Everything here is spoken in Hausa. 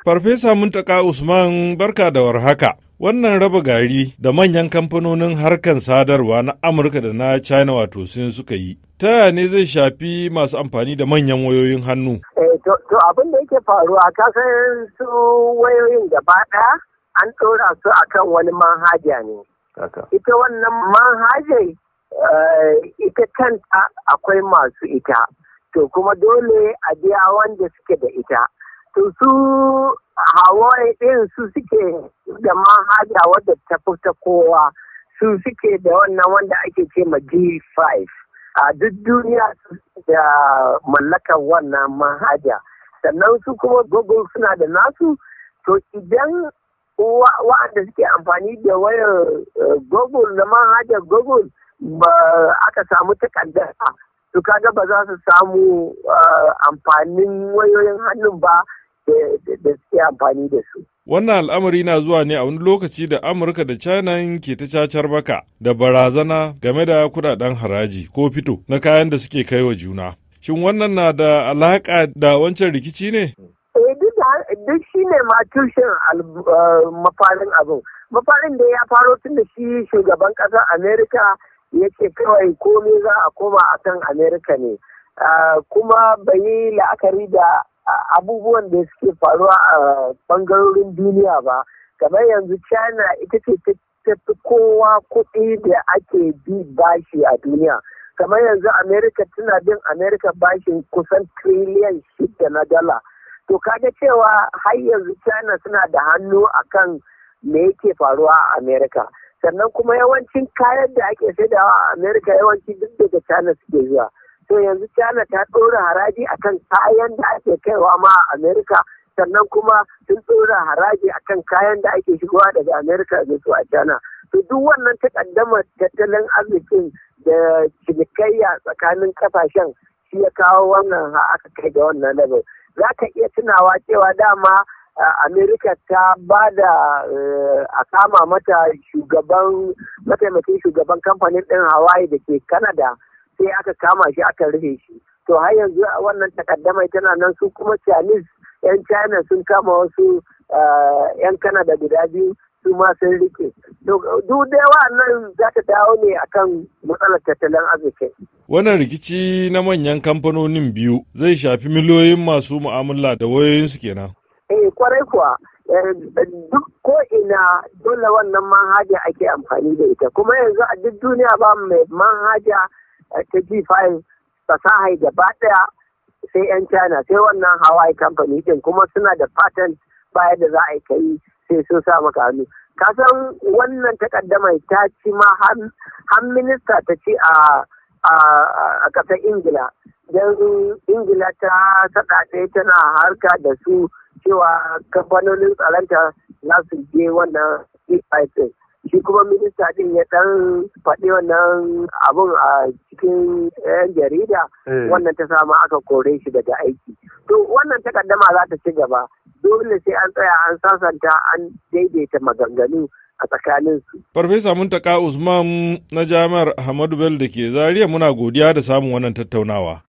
Farfesa Muntaka Usman barka da warhaka. Wannan raba gari da manyan kamfanonin harkar sadarwa na Amurka da na China wato sun suka yi. Ta ne zai shafi masu amfani da manyan wayoyin hannu? Eh, to abin da yake faruwa san su wayoyin gaba ɗaya an ɗora su akan wani manhaja ne. Ita wannan manhaja eh, ita kanta akwai masu ita, to kuma dole a biya wanda suke da ita. to su hawaye ɗin su suke da manhaja wadda ta fita kowa su suke da wannan wanda ake ce ma g5 a duk duniya da mallakar wannan manhaja sannan su kuma google suna da nasu to idan wa'anda suke amfani da wayar eh, google da manhajar google ba aka samu ba to kaga ba za su samu eh, amfanin wayoyin hannun ba da suke amfani da su. Wannan al'amari na zuwa ne a wani lokaci da Amurka da China ke ta cacar baka da barazana game da kudaden haraji ko fito na kayan da suke kai wa juna. Shin wannan na da alaƙa da wancan rikici ne? Eh, duk shi ne ma tushen eh, mafarin abu Mafarin da ya faro tun da shi shugaban ƙasar Amerika ya ce kawai komai za a koma a kan Amerika ne. Ah, kuma bai yi la'akari da abubuwan da suke faruwa a bangarorin duniya ba kamar yanzu china ita ce ta fi kowa kuɗi da ake bi bashi a duniya kamar yanzu america tana bin america bashin kusan triliyan shida na dala to kaga cewa har yanzu china suna da hannu akan me yake faruwa a Amerika sannan kuma yawancin kayan da ake saidawa a america yawanci duk daga china suke zuwa to yanzu china ta ɗora haraji akan kayan da ake kaiwa ma a amerika sannan kuma sun ɗora haraji akan kayan da ake shigowa daga amerika da su a china to duk wannan takaddama tattalin arzikin da cinikayya tsakanin kasashen shi ya kawo wannan ha aka kai da wannan level za ka iya tunawa cewa dama amerika ta ba da eh, a kama mata shugaban mataimakin shugaban kamfanin din hawaii da ke canada sai aka kama shi aka rufe shi to har yanzu wannan takaddama tana nan su kuma chinese yan china sun kama wasu eh, yan kanada guda biyu su ma sun rike to da yawa nan za ta dawo ne akan matsalar tattalin arziki wannan rikici na manyan kamfanonin biyu zai shafi miliyoyin masu mu'amala da wayoyinsu kenan eh kwarai kuwa eh, duk ko ina dole wannan manhaja ake amfani da ita kuma yanzu a duk duniya ba mai manhaja ta G5 fasaha gaba ɗaya sai 'yan China sai wannan Hawaii company din kuma suna da patent baya da za a yi kai sai sun sa maka hannu. Kasan wannan takaddamai ta ci ma har minista ta ci a a ƙasar Ingila. Don Ingila ta saɗaɗe tana harka da su cewa kamfanonin tsaronta za su je wannan G5 shi kuma minista din ya ɗan faɗi wannan abun a cikin yan jarida eh. wannan ta samu aka kore shi daga aiki to wannan takaddama za ta ci gaba dole sai an tsaya an sasanta an daidaita maganganu a tsakanin su. Farfesa Muntaka Usman na Jami'ar Ahmadu Bello da ke Zaria muna godiya da samun wannan tattaunawa.